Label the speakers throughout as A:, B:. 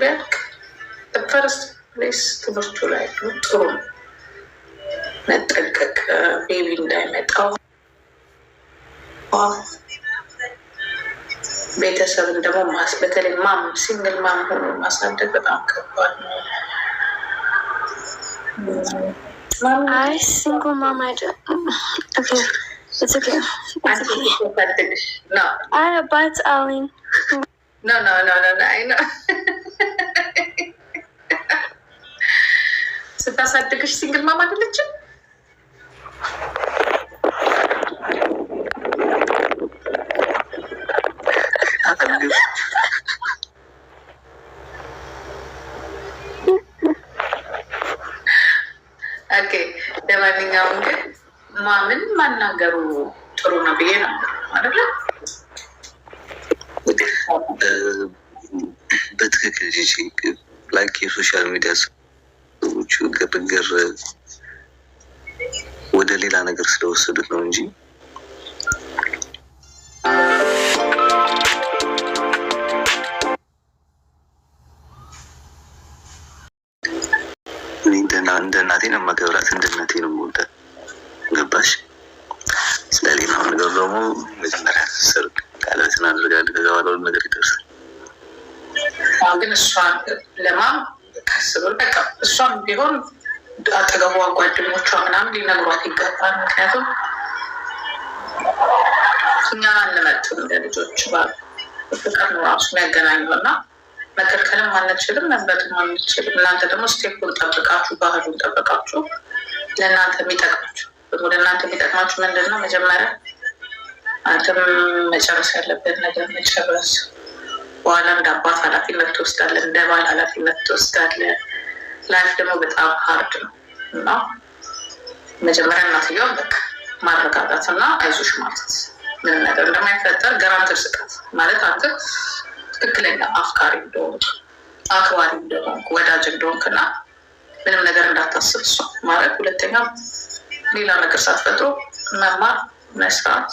A: ቢያልቅ ፈርስት ፕሌስ ትምህርቱ ላይ ጥሩ መጠንቀቅ ቤቢ እንዳይመጣው ቤተሰብን ደግሞ በተለይ ማም ሲንግል ማም ሆኖ ማሳደግ በጣም ከባድ ነው።
B: አይ ሲንግል ማም ባት አሊን
A: ኖ ኖ ኖ ኖ ስታሳድግሽ ሲንግል ማም አይደለችም? ኦኬ ለማንኛውም ግን ማምን ማናገሩ ጥሩ ነው ብዬ ነው አደለ?
C: በትክክል ላይክ የሶሻል ሚዲያ ሰዎች በገር ወደ ሌላ ነገር ስለወሰዱት ነው እንጂ እንደ እናቴ ነው መገብራት፣ እንደ እናቴ ነው የምወዳት። ገባሽ? ስለሌላ ነገር ደግሞ መጀመሪያ ሰርግ ቃለበት እናደርጋለን። ከዛ በኋላ ነገር ይደርሳል።
A: ግን እሷ ለማም ስብል በቃ እሷም ቢሆን አጠገቧ ጓደኞቿ ምናምን ሊነግሯት ይገባል። ምክንያቱም እኛ አንመጥም ለልጆች ፍቅር ነው ራሱ የሚያገናኘው እና መከልከልም አንችልም፣ መንበጥም አንችልም። እናንተ ደግሞ ስቴፑን ጠብቃችሁ ባህሉን ጠብቃችሁ ለእናንተ የሚጠቅማችሁ ወደ እናንተ የሚጠቅማችሁ ምንድን ነው? መጀመሪያ አንተም መጨረስ ያለበት ነገር መጨረስ በኋላ እንደ አባት ኃላፊነት ትወስዳለህ፣ እንደ ባል ኃላፊነት ትወስዳለህ። ላይፍ ደግሞ በጣም ሀርድ ነው እና መጀመሪያ እናትየው በቃ ማረጋጋት እና አይዞሽ ማለት ምንም ነገር እንደማይፈጠር ገራንትር ስጣት ማለት አንተ ትክክለኛ አፍቃሪ እንደሆንክ አክባሪ እንደሆንክ ወዳጅ እንደሆንክ እና ምንም ነገር እንዳታስብ እሷ ማለት ሁለተኛ ሌላ ነገር ሳትፈጥሮ መማር መስራት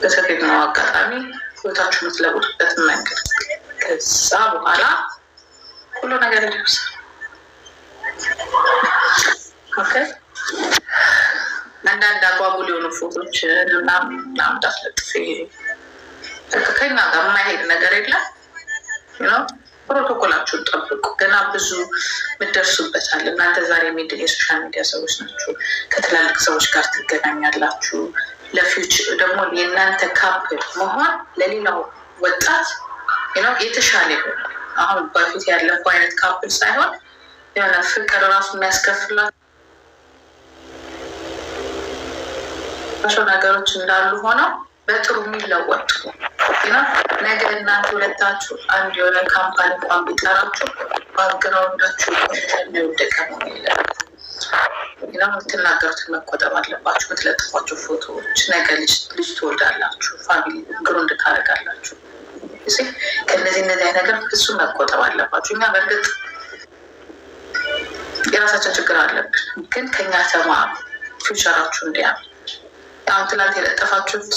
A: በሰፊት ነው አጋጣሚ ህይወታችሁ የምትለውጡበት መንገድ ከዛ በኋላ ሁሉ ነገር ይደርሳል። አንዳንድ አጓጉል የሆኑ ፎቶች ምናምን ዳስለጥፍ ከኛ ጋር የማይሄድ ነገር የለም። ፕሮቶኮላችሁን ጠብቁ። ገና ብዙ ምደርሱበታል። እናንተ ዛሬ የሶሻል ሚዲያ ሰዎች ናችሁ። ከትላልቅ ሰዎች ጋር ትገናኛላችሁ። ለፊውቸር ደግሞ የእናንተ ካፕ መሆን ለሌላው ወጣት ነው የተሻለ ይሆናል። አሁን በፊት ያለፈው አይነት ካፕል ሳይሆን የሆነ ፍቅር ራሱ የሚያስከፍላቸው ነገሮች እንዳሉ ሆነው በጥሩ የሚለወጡ ነገ እናንተ ሁለታችሁ አንድ የሆነ ካምፓኒ እንኳን ቢጠራችሁ ባግራውንዳችሁ ቆሻሻ እንዳይወደቀ ነው የሚለ እና የምትናገሩትን መቆጠብ አለባችሁ። የምትለጥፏቸው ፎቶዎች ነገ ልጅ ልጅ ትወልዳላችሁ፣ ፋሚሊ ግሩ እንድታደርጋላችሁ ከእነዚህ እነዚህ ነገር እሱ መቆጠብ አለባችሁ። እኛ በእርግጥ የራሳችን ችግር አለብን፣ ግን ከኛ ተማ ፊውቸራችሁ እንዲያ አሁን ትናንት የለጠፋችሁት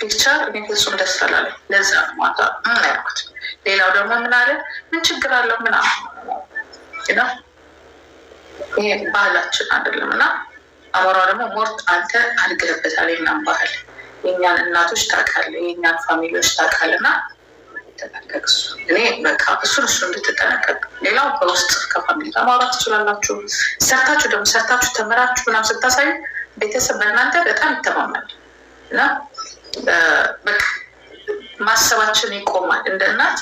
A: ፒክቸር እኔ ፍጹም ደስ አላለ። ለዛ ማታ ምን ያልኩት። ሌላው ደግሞ ምን አለ ምን ችግር አለው ምናምን ነው ይሄ ባህላችን አይደለም እና አማራ ደግሞ ሞርት አንተ አድገህበታል። የኛን ባህል የእኛን እናቶች ታውቃለህ፣ የእኛን ፋሚሊዎች ታውቃለህ እና ተጠንቀቅ። እኔ በቃ እሱን እሱ እንድትጠነቀቅ። ሌላው በውስጥ ከፋሚሊ ጋር ማውራት ትችላላችሁ። ሰርታችሁ ደግሞ ሰርታችሁ ተምራችሁ ምናም ስታሳዩ ቤተሰብ በእናንተ በጣም ይተማመናል እና በቃ ማሰባችን ይቆማል። እንደ እናት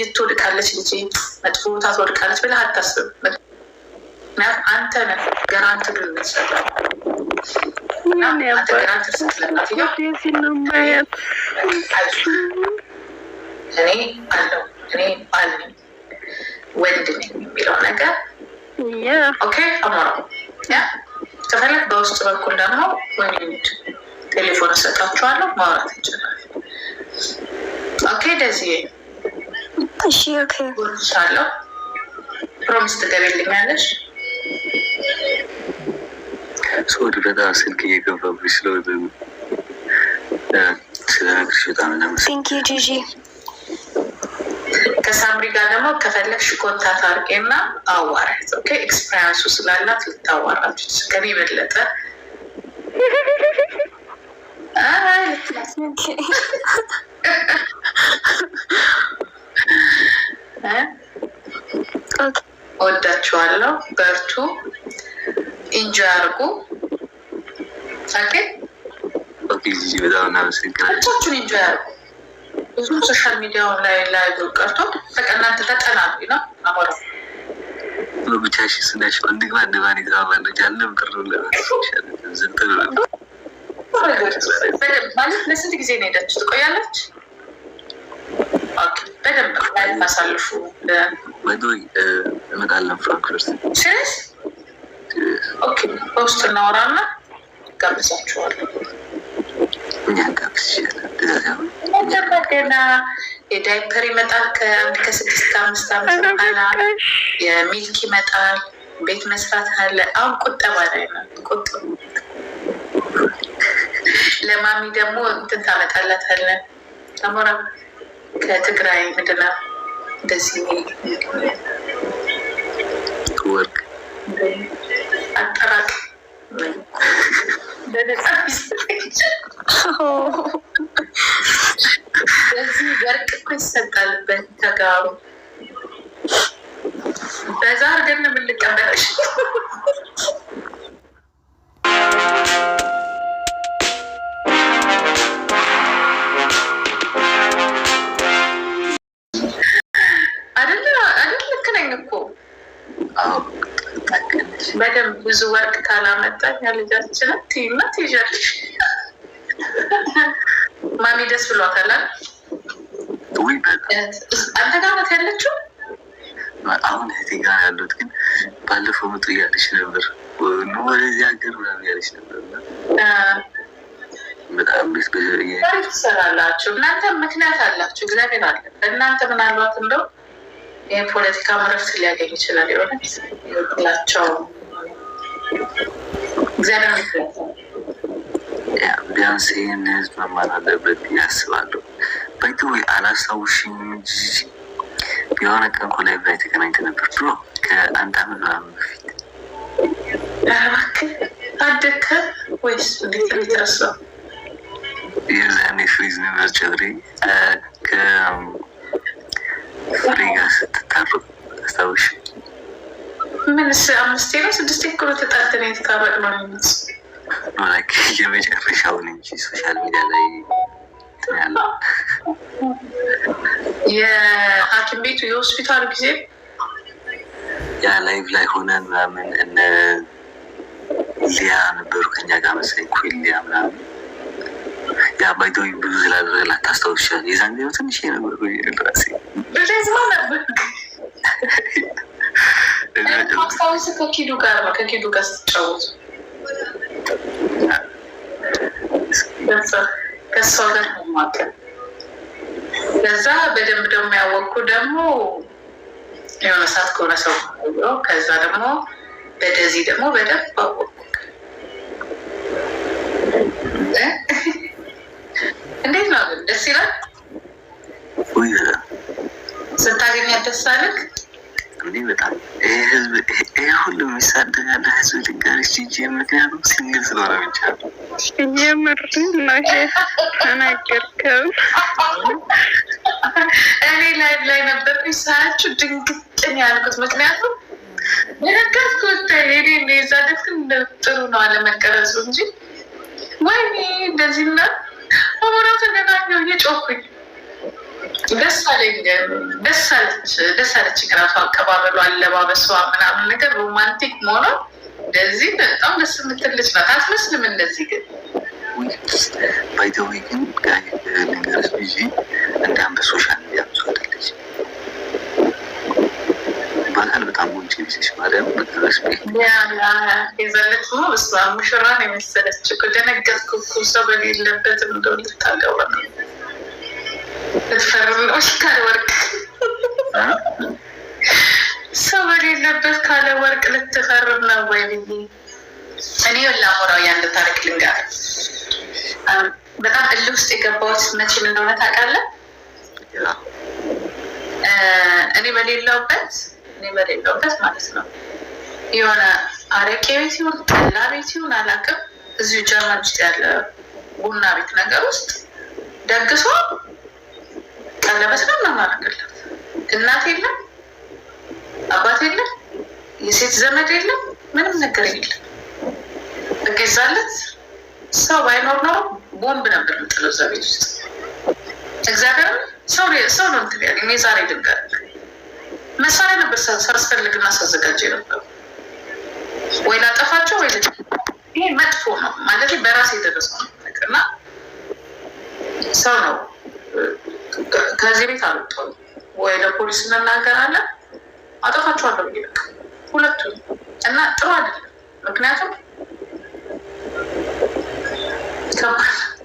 A: ይትወድቃለች ልጅ መጥፎታ ትወድቃለች ብለህ አታስብ። ምክንያቱም አንተ ነ ገራንት አለው እኔ ባል ወንድ የሚለው ነገር ከፈለግ በውስጥ በኩል ደግሞ ወንድ ቴሌፎን እሰጣችኋለሁ ማውራት እንችላለን። ኦኬ ደዚህ እሺ ኦኬ ፕሮሚስ ትገቢልኛለሽ? ሰወድ በጣም ስልክ እየገባብሽ ስለሆነ ስለነግርሽ በጣም እናመሰግናለን። ጂጂ ከሳምሪ ጋር ደግሞ ከፈለግሽ ኮንታት አድርጌና አዋራት። ኦኬ ኤክስፐሪንሱ ስላላት ልታዋራች ከኔ የበለጠ ኦኬ ወዳችኋለሁ። በርቱ፣ ኢንጆ አርጉ። በጣም ኢንጆ አርጉ። ብዙም ሶሻል ሚዲያውን ላይ ላይ ቀርቶ በቃ እናንተ ተጠናሉ ነው አማራ ብቻሽን ስናቸው እንግባ እንግባ የተባባ ማለት ለስንት ጊዜ ነው ሄዳችሁ ትቆያለች? በደንብ ላይ ታሳልፉ እመጣለሁ ፍራንክፈርት። ሲሪየስ በውስጥ እናወራና ጋብዛችኋለሁ። እኛ ጋብዝ ገና የዳይፐር ይመጣል ከአንድ ከስድስት ከአምስት አምስት በኋላ የሚልክ ይመጣል። ቤት መስራት አለ። አሁን ቁጠባ ላይ ነው። ቁጥብ ለማሚ ደግሞ እንትን ታመጣላታለን። አሞራ ከትግራይ ምድና እንደዚህ በዚህ ወርቅ እኮ ይሰጣል። በተጋሩ በዛ አድርገን የምንቀመጠው ብዙ ወርቅ ካላመጣኝ ልጃችን ትይና ትይዣለሽ። ማሚ ደስ ብሏታል። አንተ ጋር ናት ያለችው። አሁን እህቴ ጋር ያሉት ግን ባለፈው መጡ እያለች ነበር፣ ወደዚህ ሀገር ምናምን እያለች ነበር። በጣም ቤት ትሰራላችሁ እናንተ፣ ምክንያት አላችሁ፣ እግዚአብሔር አለ እናንተ። ምናልባት እንደው ይህ ፖለቲካ እረፍት ሊያገኝ ይችላል የሆነ ላቸው እግዚአብሔር ቢያንስ ይህን ህዝብ መማር አለበት ብዬ አላስታውሽም እንጂ የሆነ ቀን ላይ ነበር ከአንድ ምናምን በፊት የዛኔ ፍሪዝ ነበር ከፍሬ ጋር ስትታረቁ አስታውሽም ምንስ አምስቴ ነው ስድስቴ ክሎ ተጣልተን የተጣበቅ ነው የመጨረሻውን እንጂ ሶሻል ሚዲያ ላይ የሐኪም ቤቱ የሆስፒታሉ ጊዜ ያ ላይቭ ላይ ሆነን ምናምን እነ ሊያ ነበሩ ከኛ ጋር መሰለኝ ኩል ሊያ ምናምን ያ ባይዶ ብዙ ስላደረገ ላታስታውሻል። የዛን ጊዜ ትንሽ ነበር ራሴ ብዙ ነበር ሳውንስ ከኪዱ ጋር ነው። ከኪዱ ጋር ስትጫወቱ ከሰው ጋር ማቀ ከዛ በደንብ ደግሞ ያወቅኩ ደግሞ የሆነ ሰዓት ከሆነ ሰው ከዛ ደግሞ በደዚህ ደግሞ በደንብ አወቅኩ። እንዴት ነው ግን? ደስ ይላል ስታገኛት ደስ አለህ? እንግዲህ በጣም ይህ ሁሉ የሚሳደግ ህዝብ ልጋሪች ጅ ምክንያቱም ሲንግል ስለሆነ ብቻ የምር ናሽ ተናገርከው እኔ ላይ ላይ ነበር ሳያችሁ ድንግጥን ያልኩት ምክንያቱም የነገርኩ እኔ እንደዛ ደግ ጥሩ ነው አለመቀረጹ እንጂ ወይኔ እንደዚህና በሞራ ተገናኘው እየጮኩኝ ደስ አለኝ። ደስ አለች ግራቷ፣ አቀባበሏ፣ አለባበሷ ምናምን ነገር ሮማንቲክ መሆኗ እንደዚህ በጣም ደስ የምትል ልጅ ናት። አትመስልም እንደዚህ ግን ባይተዊ ግን ነገር ጊዜ እንዳንበ ሶሻል ሚዲያ ብዙ አደለች ይባላል። በጣም ወንጭ ቢሴች ማለም በስፔት የዘለት እሷ ሙሽራን የመሰለች ደነገጥኩ። ሰው በሌለበት እንደው ልታገባ ነው ልትፈርም ነው ካለ ወርቅ ሰው በሌለበት ካለ ወርቅ ልትፈርም ነው ወይ ብዬ እኔ ላሞራው ያንድ ታሪክ ልንገር። በጣም እልህ ውስጥ የገባሁት መቼም እንደሆነ ታውቃለህ። እኔ በሌለውበት እኔ በሌለውበት ማለት ነው የሆነ አረቄ ቤት ይሁን ጠላ ቤት ይሁን አላውቅም፣ እዚሁ ጀርመን ውስጥ ያለ ቡና ቤት ነገር ውስጥ ደግሶ ቀለበት ነው እናማረግላት። እናት የለም፣ አባት የለም፣ የሴት ዘመድ የለም፣ ምንም ነገር የለም። እገዛለት ሰው ባይኖር ነው ቦምብ ነበር የምጥለው እዛ ቤት ውስጥ። እግዚአብሔር ሰው ነው እንትን ያለኝ እኔ ዛሬ ድንጋል መሳሪያ ነበር ሳስፈልግና ሳዘጋጀ ነበር ወይ ላጠፋቸው ወይ ልጅ ይሄ መጥፎ ነው ማለት በራሴ የደረሰው ነው እና ሰው ነው ከዚህ ቤት አልወጣም ወይ ለፖሊስ እንናገራለን አጠፋችኋለሁ ብዬ በቃ ሁለቱ እና ጥሩ አይደለም። ምክንያቱም ከባድ